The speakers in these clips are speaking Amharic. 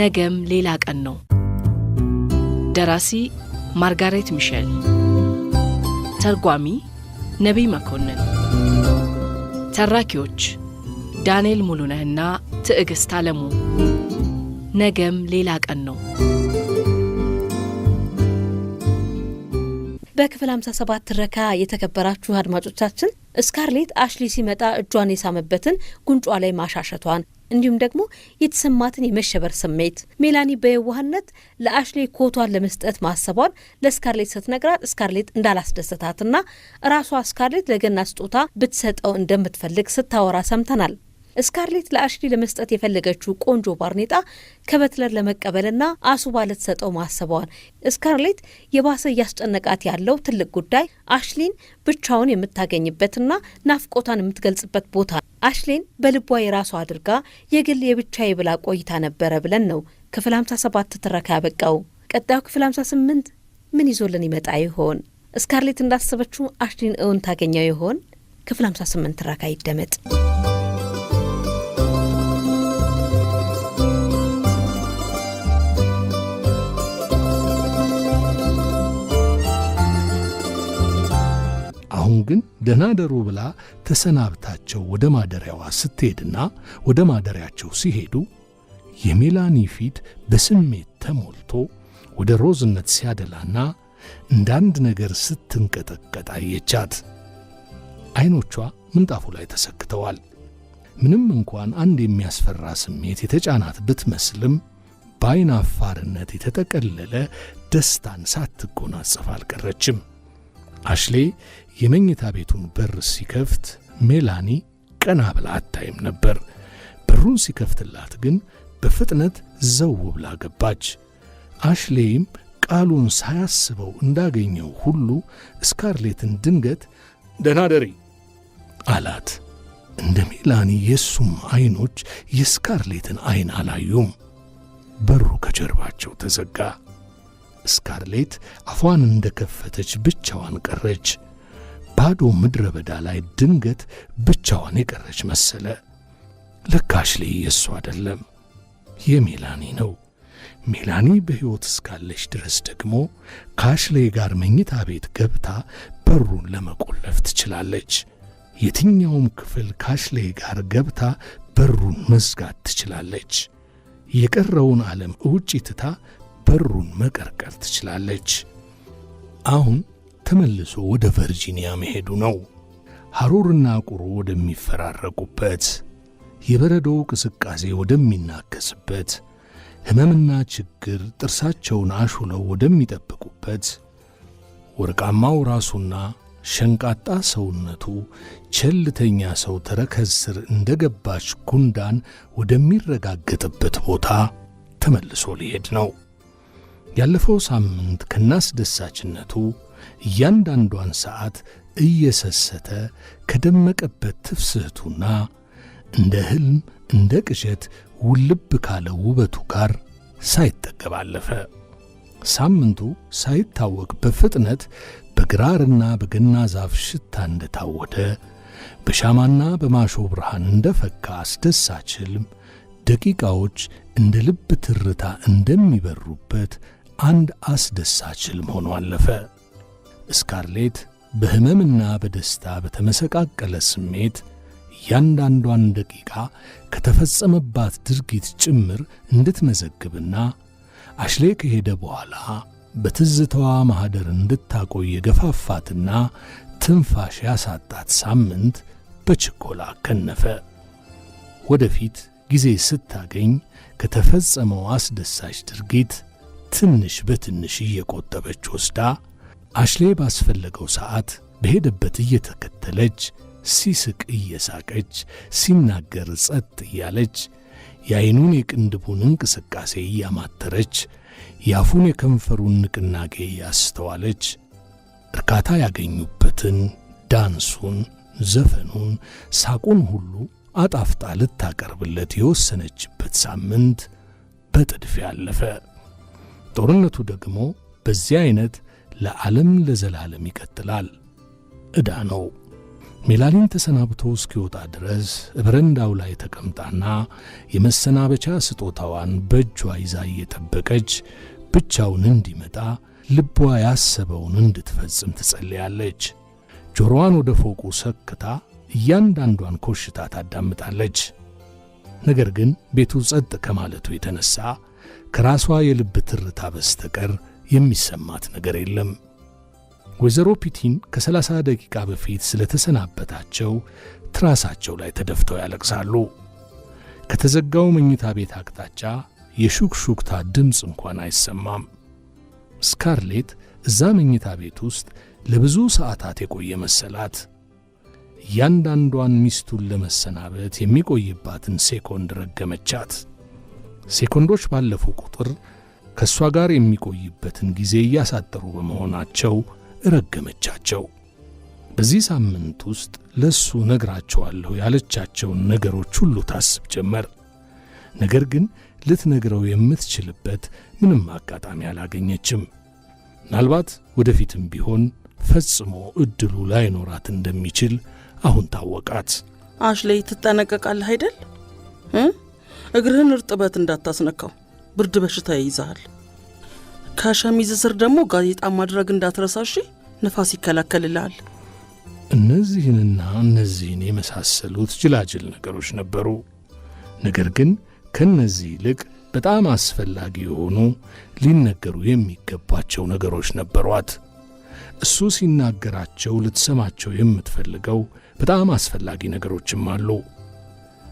ነገም ሌላ ቀን ነው። ደራሲ ማርጋሬት ሚሸል ተርጓሚ ነቢይ መኮንን፣ ተራኪዎች ዳንኤል ሙሉነህና ትዕግሥት አለሙ። ነገም ሌላ ቀን ነው። በክፍል 57 ትረካ የተከበራችሁ አድማጮቻችን ስካርሌት አሽሊ ሲመጣ እጇን የሳመበትን ጉንጯ ላይ ማሻሸቷን እንዲሁም ደግሞ የተሰማትን የመሸበር ስሜት ሜላኒ በየዋህነት ለአሽሌ ኮቷን ለመስጠት ማሰቧን ለስካርሌት ስትነግራት ስካርሌት እንዳላስደሰታትና ራሷ ስካርሌት ለገና ስጦታ ብትሰጠው እንደምትፈልግ ስታወራ ሰምተናል። ስካርሌት ለአሽሊ ለመስጠት የፈለገችው ቆንጆ ባርኔጣ ከበትለር ለመቀበልና አሱባ ልትሰጠው ማሰቧዋል። ስካርሌት የባሰ እያስጨነቃት ያለው ትልቅ ጉዳይ አሽሊን ብቻውን የምታገኝበትና ናፍቆቷን የምትገልጽበት ቦታ አሽሌን በልቧ የራሷ አድርጋ የግል የብቻዬ ብላ ቆይታ ነበረ ብለን ነው ክፍል 57 ትረካ ያበቃው። ቀጣዩ ክፍል 58 ምን ይዞልን ይመጣ ይሆን? እስካርሌት እንዳሰበችው አሽሊን እውን ታገኘው ይሆን? ክፍል 58 ትረካ ይደመጥ። አሁን ግን ደህና ደሩ ብላ ተሰናብታቸው ወደ ማደሪያዋ ስትሄድና ወደ ማደሪያቸው ሲሄዱ የሜላኒ ፊት በስሜት ተሞልቶ ወደ ሮዝነት ሲያደላና እንዳንድ ነገር ስትንቀጠቀጥ አየቻት። ዐይኖቿ ምንጣፉ ላይ ተሰክተዋል። ምንም እንኳን አንድ የሚያስፈራ ስሜት የተጫናት ብትመስልም በዐይን አፋርነት የተጠቀለለ ደስታን ሳትጎናጸፍ አልቀረችም። አሽሌ የመኝታ ቤቱን በር ሲከፍት ሜላኒ ቀና ብላ አታይም ነበር። በሩን ሲከፍትላት ግን በፍጥነት ዘው ብላ ገባች። አሽሌይም ቃሉን ሳያስበው እንዳገኘው ሁሉ ስካርሌትን ድንገት ደህና ደሪ አላት። እንደ ሜላኒ የእሱም ዐይኖች የስካርሌትን ዐይን አላዩም። በሩ ከጀርባቸው ተዘጋ። ስካርሌት አፏን እንደከፈተች ብቻዋን ቀረች። ባዶ ምድረ በዳ ላይ ድንገት ብቻዋን የቀረች መሰለ። ለካሽሌ የእሱ አይደለም፣ የሜላኒ ነው። ሜላኒ በሕይወት እስካለች ድረስ ደግሞ ካሽሌ ጋር መኝታ ቤት ገብታ በሩን ለመቆለፍ ትችላለች። የትኛውም ክፍል ካሽሌ ጋር ገብታ በሩን መዝጋት ትችላለች። የቀረውን ዓለም እውጭ ትታ በሩን መቀርቀር ትችላለች። አሁን ተመልሶ ወደ ቨርጂኒያ መሄዱ ነው። ሐሩርና ቁሩ ወደሚፈራረቁበት፣ የበረዶው ቅስቃሴ ወደሚናከስበት፣ ሕመምና ችግር ጥርሳቸውን አሹለው ወደሚጠብቁበት፣ ወርቃማው ራሱና ሸንቃጣ ሰውነቱ ቸልተኛ ሰው ተረከዝ ስር እንደ ገባች ጉንዳን ወደሚረጋገጥበት ቦታ ተመልሶ ሊሄድ ነው። ያለፈው ሳምንት ከናስደሳችነቱ እያንዳንዷን ሰዓት እየሰሰተ ከደመቀበት ትፍስህቱና እንደ ሕልም እንደ ቅዠት ውልብ ካለ ውበቱ ጋር ሳይጠገብ አለፈ። ሳምንቱ ሳይታወቅ በፍጥነት በግራርና በገና ዛፍ ሽታ እንደታወደ በሻማና በማሾ ብርሃን እንደፈካ አስደሳች ሕልም ደቂቃዎች እንደ ልብ ትርታ እንደሚበሩበት አንድ አስደሳች ሕልም ሆኖ አለፈ። እስካርሌት በሕመምና በደስታ በተመሰቃቀለ ስሜት እያንዳንዷን ደቂቃ ከተፈጸመባት ድርጊት ጭምር እንድትመዘግብና አሽሌ ከሄደ በኋላ በትዝታዋ ማኅደር እንድታቆይ የገፋፋትና ትንፋሽ ያሳጣት ሳምንት በችኮላ ከነፈ። ወደፊት ጊዜ ስታገኝ ከተፈጸመው አስደሳች ድርጊት ትንሽ በትንሽ እየቆጠበች ወስዳ አሽሌ ባስፈለገው ሰዓት በሄደበት እየተከተለች ሲስቅ እየሳቀች ሲናገር ጸጥ እያለች የዐይኑን የቅንድቡን እንቅስቃሴ እያማተረች የአፉን የከንፈሩን ንቅናቄ እያስተዋለች እርካታ ያገኙበትን ዳንሱን፣ ዘፈኑን፣ ሳቁን ሁሉ አጣፍጣ ልታቀርብለት የወሰነችበት ሳምንት በጥድፊያ አለፈ። ጦርነቱ ደግሞ በዚህ ዐይነት ለዓለም ለዘላለም ይቀጥላል። ዕዳ ነው። ሜላሊን ተሰናብቶ እስኪወጣ ድረስ በረንዳው ላይ ተቀምጣና የመሰናበቻ ስጦታዋን በእጇ ይዛ እየጠበቀች ብቻውን እንዲመጣ ልቧ ያሰበውን እንድትፈጽም ትጸልያለች። ጆሮዋን ወደ ፎቁ ሰክታ እያንዳንዷን ኮሽታ ታዳምጣለች። ነገር ግን ቤቱ ጸጥ ከማለቱ የተነሣ ከራሷ የልብ ትርታ በስተቀር የሚሰማት ነገር የለም። ወይዘሮ ፒቲን ከሰላሳ ደቂቃ በፊት ስለተሰናበታቸው ትራሳቸው ላይ ተደፍተው ያለቅሳሉ። ከተዘጋው መኝታ ቤት አቅጣጫ የሹክሹክታ ድምፅ እንኳን አይሰማም። ስካርሌት እዛ መኝታ ቤት ውስጥ ለብዙ ሰዓታት የቆየ መሰላት። እያንዳንዷን ሚስቱን ለመሰናበት የሚቆይባትን ሴኮንድ ረገመቻት። ሴኮንዶች ባለፉ ቁጥር ከእሷ ጋር የሚቆይበትን ጊዜ እያሳጠሩ በመሆናቸው ረገመቻቸው። በዚህ ሳምንት ውስጥ ለእሱ ነግራቸዋለሁ ያለቻቸውን ነገሮች ሁሉ ታስብ ጀመር። ነገር ግን ልትነግረው የምትችልበት ምንም አጋጣሚ አላገኘችም። ምናልባት ወደፊትም ቢሆን ፈጽሞ እድሉ ላይኖራት እንደሚችል አሁን ታወቃት። አሽሌይ፣ ትጠነቀቃለህ አይደል? እግርህን እርጥበት እንዳታስነካው፣ ብርድ በሽታ ይይዛሃል። ከሸሚዝ ስር ደግሞ ጋዜጣ ማድረግ እንዳትረሳ እሺ። ንፋስ ይከላከልልሃል። እነዚህንና እነዚህን የመሳሰሉት ጅላጅል ነገሮች ነበሩ። ነገር ግን ከእነዚህ ይልቅ በጣም አስፈላጊ የሆኑ ሊነገሩ የሚገባቸው ነገሮች ነበሯት። እሱ ሲናገራቸው ልትሰማቸው የምትፈልገው በጣም አስፈላጊ ነገሮችም አሉ።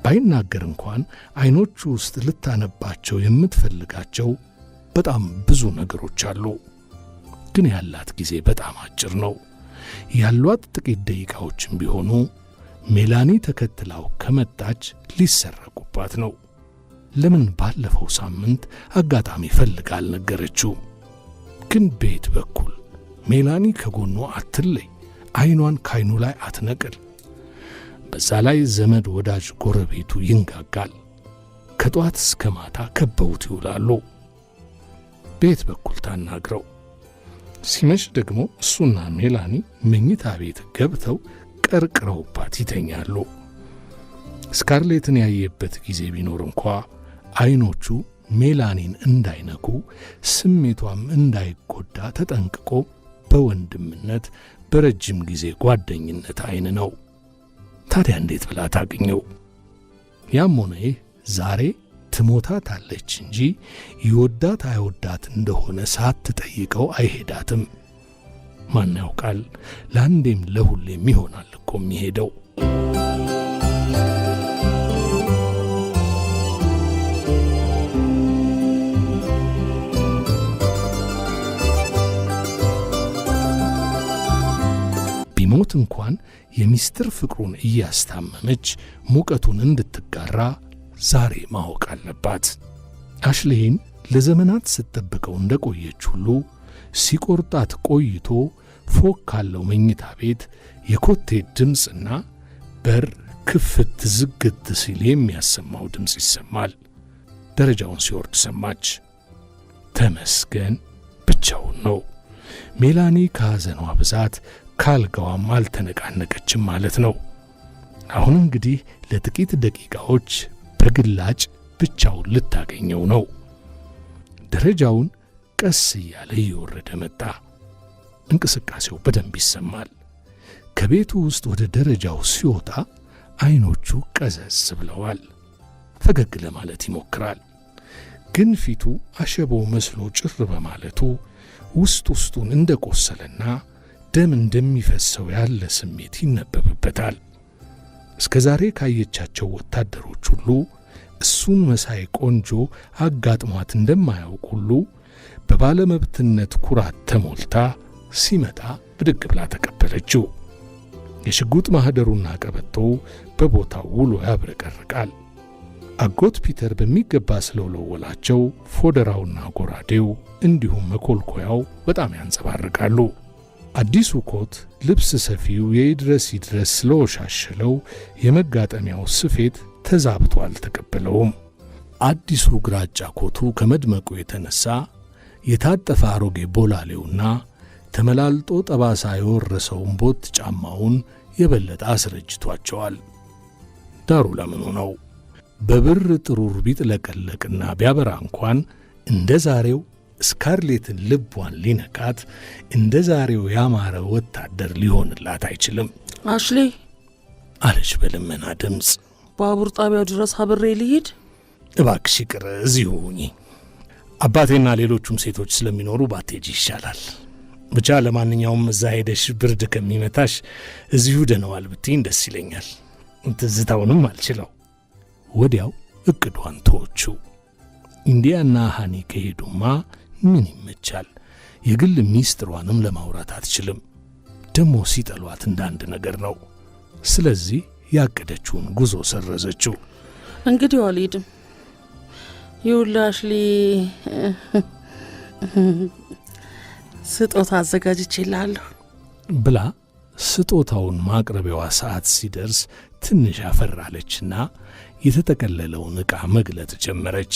ባይናገር እንኳን አይኖቹ ውስጥ ልታነባቸው የምትፈልጋቸው በጣም ብዙ ነገሮች አሉ። ግን ያላት ጊዜ በጣም አጭር ነው። ያሏት ጥቂት ደቂቃዎችም ቢሆኑ ሜላኒ ተከትላው ከመጣች ሊሰረቁባት ነው። ለምን ባለፈው ሳምንት አጋጣሚ ፈልጋ አልነገረችው? ግን በየት በኩል ሜላኒ ከጎኑ አትለይ፣ አይኗን ከአይኑ ላይ አትነቅል በዛ ላይ ዘመድ ወዳጅ ጎረቤቱ ይንጋጋል። ከጠዋት እስከ ማታ ከበውት ይውላሉ። ቤት በኩል ታናግረው ሲመሽ ደግሞ እሱና ሜላኒ መኝታ ቤት ገብተው ቀርቅረውባት ይተኛሉ። ስካርሌትን ያየበት ጊዜ ቢኖር እንኳ አይኖቹ ሜላኒን እንዳይነኩ ስሜቷም እንዳይጎዳ ተጠንቅቆ በወንድምነት በረጅም ጊዜ ጓደኝነት አይን ነው። ታዲያ እንዴት ብላ ታገኘው? ያም ሆነ ይህ ዛሬ ትሞታት አለች እንጂ ይወዳት አይወዳት እንደሆነ ሳትጠይቀው አይሄዳትም። ማን ያውቃል? ለአንዴም ለሁሌም ይሆናል እኮ የሚሄደው። ብትሞት እንኳን የሚስጥር ፍቅሩን እያስታመመች ሙቀቱን እንድትጋራ ዛሬ ማወቅ አለባት። አሽሌይን ለዘመናት ስትጠብቀው እንደ ቆየች ሁሉ ሲቆርጣት ቆይቶ ፎቅ ካለው መኝታ ቤት የኮቴት ድምፅና በር ክፍት ዝግት ሲል የሚያሰማው ድምፅ ይሰማል። ደረጃውን ሲወርድ ሰማች። ተመስገን ብቻውን ነው። ሜላኒ ከሐዘኗ ብዛት ካልጋዋም አልተነቃነቀችም ማለት ነው። አሁን እንግዲህ ለጥቂት ደቂቃዎች በግላጭ ብቻውን ልታገኘው ነው። ደረጃውን ቀስ እያለ እየወረደ መጣ። እንቅስቃሴው በደንብ ይሰማል። ከቤቱ ውስጥ ወደ ደረጃው ሲወጣ አይኖቹ ቀዘዝ ብለዋል። ፈገግ ለማለት ይሞክራል። ግን ፊቱ አሸቦ መስሎ ጭር በማለቱ ውስጥ ውስጡን እንደቆሰለና ደም እንደሚፈሰው ያለ ስሜት ይነበብበታል። እስከ ዛሬ ካየቻቸው ወታደሮች ሁሉ እሱን መሳይ ቆንጆ አጋጥሟት እንደማያውቅ ሁሉ በባለመብትነት ኩራት ተሞልታ ሲመጣ ብድግ ብላ ተቀበለችው። የሽጉጥ ማኅደሩና ቀበቶ በቦታው ውሎ ያብረቀርቃል። አጎት ፒተር በሚገባ ስለወለወላቸው ፎደራውና ጎራዴው እንዲሁም መኮልኮያው በጣም ያንጸባርቃሉ። አዲሱ ኮት ልብስ ሰፊው የይድረስ ይድረስ ስለወሻሸለው የመጋጠሚያው ስፌት ተዛብቶ አልተቀበለውም። አዲሱ ግራጫ ኮቱ ከመድመቁ የተነሳ የታጠፈ አሮጌ ቦላሌውና ተመላልጦ ጠባሳ የወረሰውን ቦት ጫማውን የበለጠ አስረጅቷቸዋል። ዳሩ ለምኑ ነው? በብር ጥሩር ቢጥለቀለቅና ቢያበራ እንኳን እንደ ዛሬው ስካርሌትን ልቧን ሊነካት እንደ ዛሬው ያማረ ወታደር ሊሆንላት አይችልም። አሽሌ አለች በልመና ድምፅ፣ ባቡር ጣቢያው ድረስ አብሬ ልሂድ? እባክሽ ይቅር፣ እዚሁ ሁኚ። አባቴና ሌሎቹም ሴቶች ስለሚኖሩ ባቴጂ ይሻላል። ብቻ ለማንኛውም እዛ ሄደሽ ብርድ ከሚመታሽ እዚሁ ደነዋል ብትይኝ ደስ ይለኛል። ትዝታውንም አልችለው። ወዲያው እቅዷን ተወችው። እንዲያና ሃኒ ከሄዱማ ምን ይመቻል? የግል ሚስጥሯንም ለማውራት አትችልም። ደሞ ሲጠሏት እንዳንድ ነገር ነው። ስለዚህ ያቀደችውን ጉዞ ሰረዘችው። እንግዲህ አልሄድም። ይኸውልሽ ስጦታ አዘጋጅቼልሃለሁ ብላ ስጦታውን ማቅረቢያዋ ሰዓት ሲደርስ ትንሽ አፈራለችና የተጠቀለለውን ዕቃ መግለጥ ጀመረች።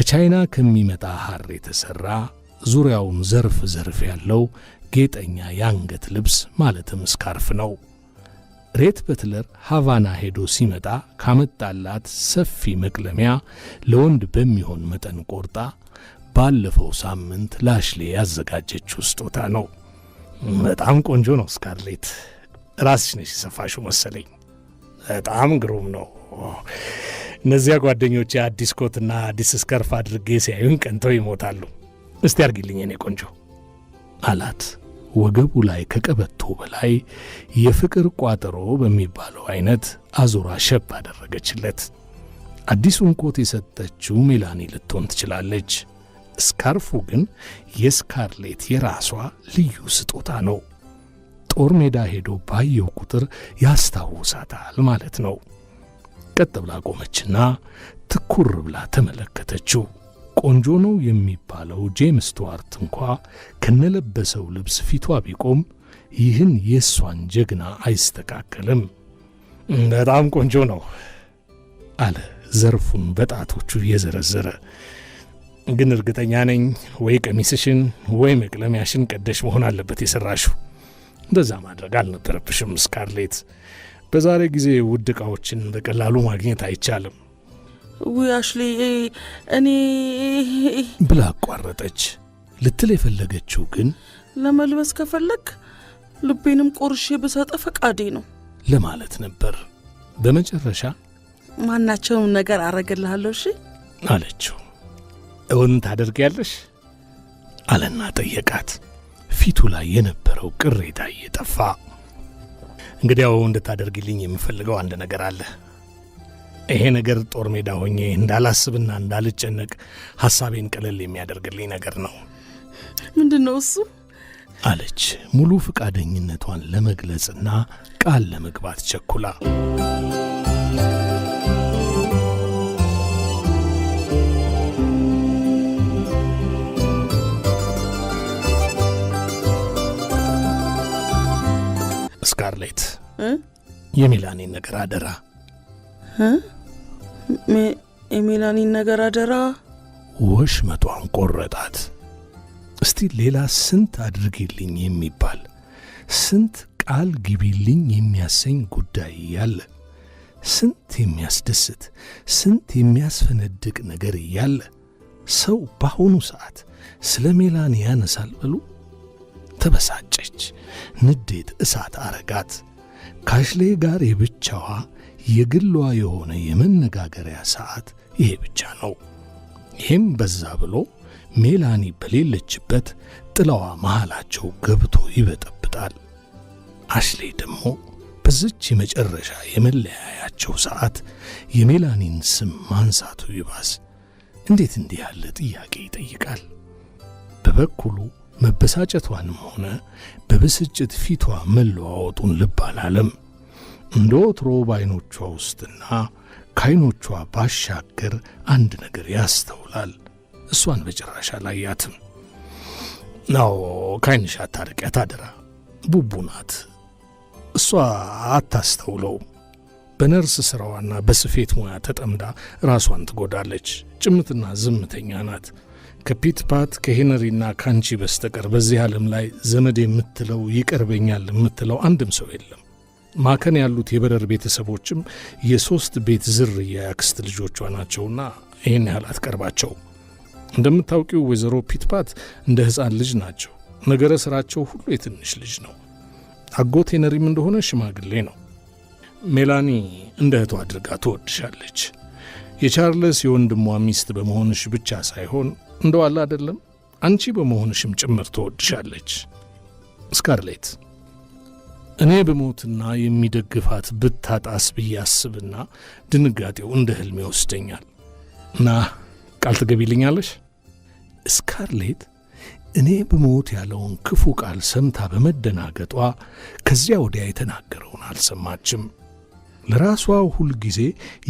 ከቻይና ከሚመጣ ሐር የተሠራ ዙሪያውን ዘርፍ ዘርፍ ያለው ጌጠኛ የአንገት ልብስ ማለትም ስካርፍ ነው። ሬት በትለር ሃቫና ሄዶ ሲመጣ ካመጣላት ሰፊ መቅለሚያ ለወንድ በሚሆን መጠን ቆርጣ ባለፈው ሳምንት ላሽሌ ያዘጋጀችው ስጦታ ነው። በጣም ቆንጆ ነው። ስካርሌት ራስሽ ነሽ የሰፋሽው መሰለኝ። በጣም ግሩም ነው። እነዚያ ጓደኞች አዲስ ኮትና አዲስ ስከርፍ አድርጌ ሲያዩን ቀንተው ይሞታሉ። እስቲ አርግልኝ እኔ ቆንጆ አላት። ወገቡ ላይ ከቀበቶ በላይ የፍቅር ቋጠሮ በሚባለው አይነት አዙራ ሸብ አደረገችለት። አዲሱን ኮት የሰጠችው ሜላኒ ልትሆን ትችላለች። ስካርፉ ግን የስካርሌት የራሷ ልዩ ስጦታ ነው። ጦር ሜዳ ሄዶ ባየው ቁጥር ያስታውሳታል ማለት ነው። ቀጥ ብላ ቆመችና ትኩር ብላ ተመለከተችው። ቆንጆ ነው የሚባለው ጄምስ ስቱዋርት እንኳ ከነለበሰው ልብስ ፊቷ ቢቆም ይህን የእሷን ጀግና አይስተካከልም። በጣም ቆንጆ ነው አለ ዘርፉን በጣቶቹ እየዘረዘረ። ግን እርግጠኛ ነኝ ወይ ቀሚስሽን ወይ መቅለሚያሽን ቀደሽ መሆን አለበት የሰራሽው። እንደዛ ማድረግ አልነበረብሽም ስካርሌት በዛሬ ጊዜ ውድ ዕቃዎችን በቀላሉ ማግኘት አይቻልም። ውያሽሊ እኔ ብላ አቋረጠች። ልትል የፈለገችው ግን ለመልበስ ከፈለግ ልቤንም ቆርሼ ብሰጠ ፈቃዴ ነው ለማለት ነበር። በመጨረሻ ማናቸውም ነገር አረግልሃለሁ እሺ አለችው። እውን ታደርጊያለሽ አለና ጠየቃት። ፊቱ ላይ የነበረው ቅሬታ እየጠፋ እንግዲያው እንድታደርግልኝ የምፈልገው አንድ ነገር አለ። ይሄ ነገር ጦር ሜዳ ሆኜ እንዳላስብና እንዳልጨነቅ ሐሳቤን ቀለል የሚያደርግልኝ ነገር ነው። ምንድን ነው እሱ? አለች ሙሉ ፈቃደኝነቷን ለመግለጽና ቃል ለመግባት ቸኩላ ስካርሌት የሚላኒን ነገር አደራ የሚላኒን ነገር አደራ። መቷን ቆረጣት። እስቲ ሌላ ስንት አድርጊልኝ የሚባል ስንት ቃል ግቢልኝ የሚያሰኝ ጉዳይ ያለ ስንት የሚያስደስት ስንት የሚያስፈነድቅ ነገር እያለ ሰው በአሁኑ ሰዓት ስለ ሜላን ያነሳል በሉ። ተበሳጨች። ንዴት እሳት አረጋት። ካሽሌ ጋር የብቻዋ የግሏ የሆነ የመነጋገሪያ ሰዓት ይሄ ብቻ ነው። ይህም በዛ ብሎ ሜላኒ በሌለችበት ጥላዋ መሃላቸው ገብቶ ይበጠብጣል። አሽሌ ደግሞ በዝች የመጨረሻ የመለያያቸው ሰዓት የሜላኒን ስም ማንሳቱ ይባስ እንዴት እንዲህ ያለ ጥያቄ ይጠይቃል? በበኩሉ መበሳጨቷንም ሆነ በብስጭት ፊቷ መለዋወጡን ልብ አላለም። እንደ ወትሮ በዐይኖቿ ውስጥና ከዐይኖቿ ባሻገር አንድ ነገር ያስተውላል። እሷን በጭራሽ አላያትም። ናው ከዐይንሽ አታርቂያት አደራ፣ ቡቡ ናት። እሷ አታስተውለው። በነርስ ሥራዋና በስፌት ሙያ ተጠምዳ ራሷን ትጎዳለች። ጭምትና ዝምተኛ ናት። ከፒትፓት ከሄነሪና ከአንቺ በስተቀር በዚህ ዓለም ላይ ዘመድ የምትለው ይቀርበኛል የምትለው አንድም ሰው የለም። ማከን ያሉት የበረር ቤተሰቦችም የሦስት ቤት ዝርያ ያክስት ልጆቿ ናቸውና ይህን ያህል አትቀርባቸው። እንደምታውቂው ወይዘሮ ፒትፓት እንደ ሕፃን ልጅ ናቸው። ነገረ ሥራቸው ሁሉ የትንሽ ልጅ ነው። አጎት ሄነሪም እንደሆነ ሽማግሌ ነው። ሜላኒ እንደ እህቷ አድርጋ ትወድሻለች። የቻርለስ የወንድሟ ሚስት በመሆንሽ ብቻ ሳይሆን እንደዋላ አይደለም አንቺ በመሆንሽም ጭምር ትወድሻለች። ስካርሌት እኔ በሞትና የሚደግፋት ብታጣስ ብዬ አስብና ድንጋጤው እንደ ህልም ይወስደኛል። እና ቃል ትገቢልኛለሽ? ስካርሌት እኔ በሞት ያለውን ክፉ ቃል ሰምታ በመደናገጧ ከዚያ ወዲያ የተናገረውን አልሰማችም። ለራሷ ሁልጊዜ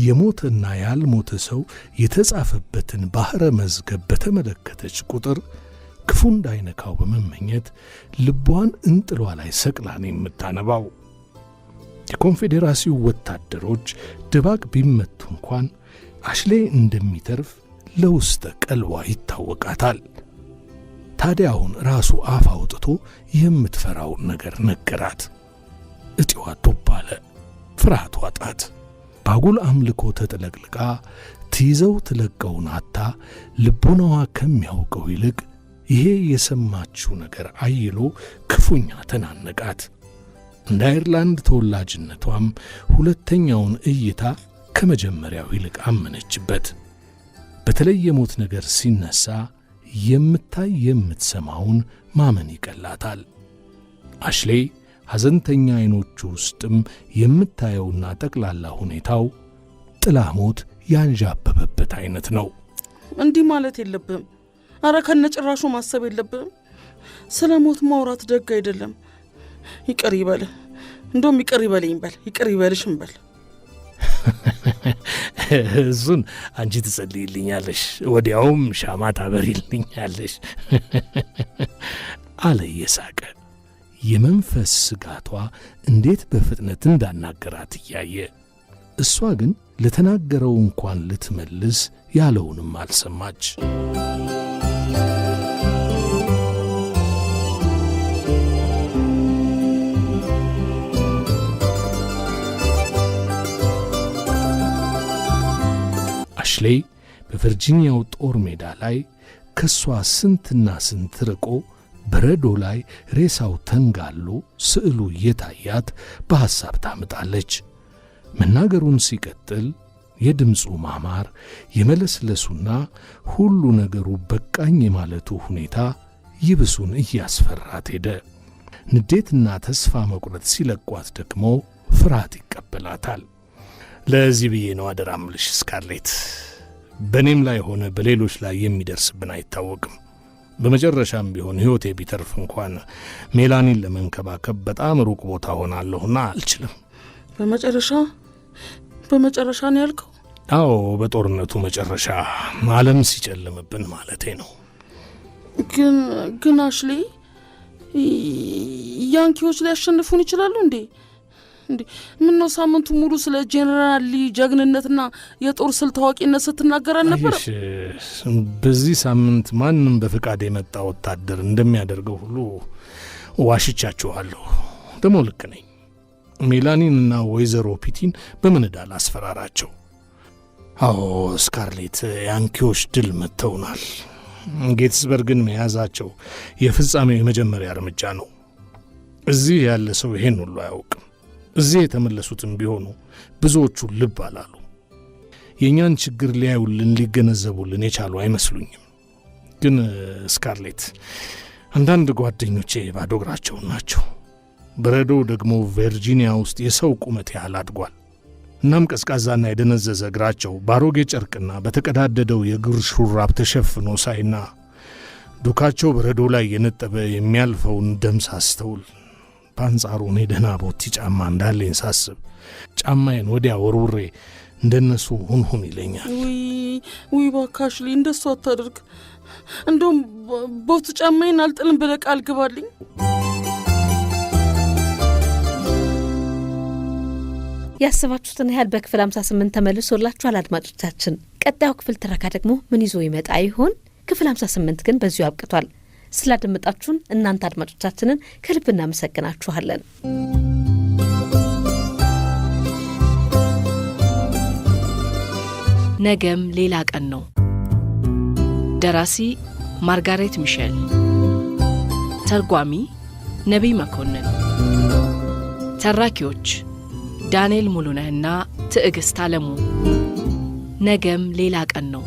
የሞተና ያልሞተ ሰው የተጻፈበትን ባሕረ መዝገብ በተመለከተች ቁጥር ክፉ እንዳይነካው በመመኘት ልቧን እንጥሏ ላይ ሰቅላን የምታነባው የኮንፌዴራሲው ወታደሮች ድባቅ ቢመቱ እንኳን አሽሌ እንደሚተርፍ ለውስጠ ቀልቧ ይታወቃታል። ታዲያ አሁን ራሱ አፍ አውጥቶ የምትፈራውን ነገር ነገራት። እጢዋ ዶብ አለ። ፍርሃት ዋጣት። ባጉል አምልኮ ተጥለቅልቃ ትይዘው ትለቀውን አታ ልቡናዋ ከሚያውቀው ይልቅ ይሄ የሰማችው ነገር አይሎ ክፉኛ ተናነቃት። እንደ አይርላንድ ተወላጅነቷም ሁለተኛውን እይታ ከመጀመሪያው ይልቅ አመነችበት። በተለይ የሞት ነገር ሲነሳ የምታይ የምትሰማውን ማመን ይቀላታል። አሽሌ ሐዘንተኛ ዐይኖቹ ውስጥም የምታየውና ጠቅላላ ሁኔታው ጥላ ሞት ያንዣበበበት አይነት ነው። እንዲህ ማለት የለብም። አረ ከነ ጭራሹ ማሰብ የለብም። ስለ ሞት ማውራት ደግ አይደለም። ይቅር ይበል፣ እንደውም ይቅር ይበልኝ በል፣ ይቅር ይበልሽም በል። እሱን አንቺ ትጸልይልኛለሽ፣ ወዲያውም ሻማ ታበሪልኛለሽ አለ እየሳቀ። የመንፈስ ስጋቷ እንዴት በፍጥነት እንዳናገራት እያየ እሷ ግን ለተናገረው እንኳን ልትመልስ ያለውንም አልሰማች። አሽሌ በቨርጂኒያው ጦር ሜዳ ላይ ከእሷ ስንትና ስንት ርቆ በረዶ ላይ ሬሳው ተንጋሎ ስዕሉ እየታያት በሐሳብ ታምጣለች። መናገሩን ሲቀጥል የድምፁ ማማር የመለስለሱና ሁሉ ነገሩ በቃኝ የማለቱ ሁኔታ ይብሱን እያስፈራት ሄደ። ንዴትና ተስፋ መቁረጥ ሲለቋት ደግሞ ፍርሃት ይቀበላታል። ለዚህ ብዬ ነው አደራ ምልሽ ስካርሌት፣ በእኔም ላይ ሆነ በሌሎች ላይ የሚደርስብን አይታወቅም በመጨረሻም ቢሆን ሕይወቴ ቢተርፍ እንኳን ሜላኒን ለመንከባከብ በጣም ሩቅ ቦታ ሆናለሁና አልችልም። በመጨረሻ በመጨረሻ ነው ያልከው? አዎ፣ በጦርነቱ መጨረሻ ዓለም ሲጨልምብን ማለቴ ነው። ግን ግን አሽሌ ያንኪዎች ሊያሸንፉን ይችላሉ እንዴ? እንዴ ምነው ሳምንቱ ሙሉ ስለ ጄኔራል ሊ ጀግንነትና የጦር ስል ታዋቂነት ስትናገር አልነበረ? በዚህ ሳምንት ማንም በፍቃድ የመጣ ወታደር እንደሚያደርገው ሁሉ ዋሽቻችኋለሁ። ደሞ ልክ ነኝ። ሜላኒንና ወይዘሮ ፒቲን በምን ዳል አስፈራራቸው። አዎ ስካርሌት፣ ያንኪዎች ድል መጥተውናል። ጌትስበርግን መያዛቸው የፍጻሜው የመጀመሪያ እርምጃ ነው። እዚህ ያለ ሰው ይሄን ሁሉ አያውቅም። እዚህ የተመለሱትም ቢሆኑ ብዙዎቹ ልብ አላሉ። የእኛን ችግር ሊያዩልን ሊገነዘቡልን የቻሉ አይመስሉኝም። ግን ስካርሌት፣ አንዳንድ ጓደኞቼ ባዶ እግራቸውን ናቸው። በረዶ ደግሞ ቨርጂኒያ ውስጥ የሰው ቁመት ያህል አድጓል። እናም ቀዝቃዛና የደነዘዘ እግራቸው በአሮጌ ጨርቅና በተቀዳደደው የእግር ሹራብ ተሸፍኖ ሳይና ዱካቸው በረዶ ላይ የነጠበ የሚያልፈውን ደም ሳስተውል በአንጻሩ እኔ ደህና ቦቲ ጫማ እንዳለኝ ሳስብ ጫማዬን ወዲያ ወርውሬ እንደነሱ ሁንሁን ይለኛል። ውይ ባካሽሊ፣ እንደሱ አታደርግ። እንደውም ቦት ጫማዬን አልጥልም ብለህ ቃል ግባልኝ። ያሰባችሁትን ያህል በክፍል 58 ተመልሶላችኋል አድማጮቻችን። ቀጣዩ ክፍል ትረካ ደግሞ ምን ይዞ ይመጣ ይሆን? ክፍል 58 ግን በዚሁ አብቅቷል። ስላደመጣችሁን እናንተ አድማጮቻችንን ከልብ እናመሰግናችኋለን። ነገም ሌላ ቀን ነው። ደራሲ ማርጋሬት ሚሸል ተርጓሚ ነቢይ መኮንን፣ ተራኪዎች ዳንኤል ሙሉነህና ትዕግሥት አለሙ። ነገም ሌላ ቀን ነው።